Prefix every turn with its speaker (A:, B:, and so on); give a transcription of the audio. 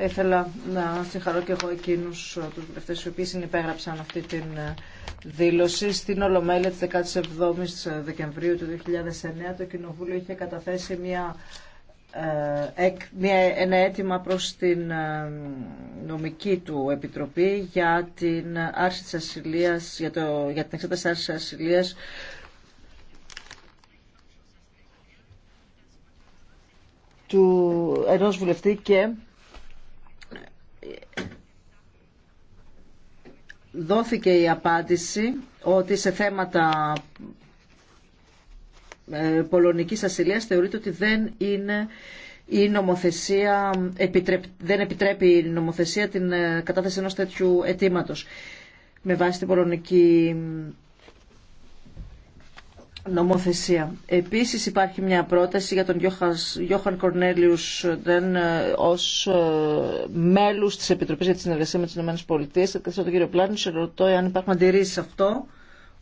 A: Θα ήθελα να συγχαρώ και εγώ εκείνου του βουλευτέ οι οποίοι συνυπέγραψαν αυτή την ε, δήλωση. Στην Ολομέλεια τη 17η Δεκεμβρίου του 2009 το Κοινοβούλιο είχε καταθέσει μια, ε, μια, ένα αίτημα προς την ε, νομική του επιτροπή για την, άρση της ασυλίας, για, το, για την εξέταση άρση ασυλίας του ενός βουλευτή και δόθηκε η απάντηση ότι σε θέματα ε, πολωνικής ασυλίας θεωρείται ότι δεν είναι η νομοθεσία δεν επιτρέπει η νομοθεσία την ε, κατάθεση ενός τέτοιου αιτήματο. Με βάση την πολωνική νομοθεσία. Επίσης υπάρχει μια πρόταση για τον Γιώχαν Κορνέλιους Ντεν ε, ως ε, μέλους της Επιτροπής για τη Συνεργασία με τις ΗΠΑ. ευχαριστώ τον κύριο Πλάνη, σε ρωτώ αν
B: υπάρχουν αντιρρήσεις σε αυτό.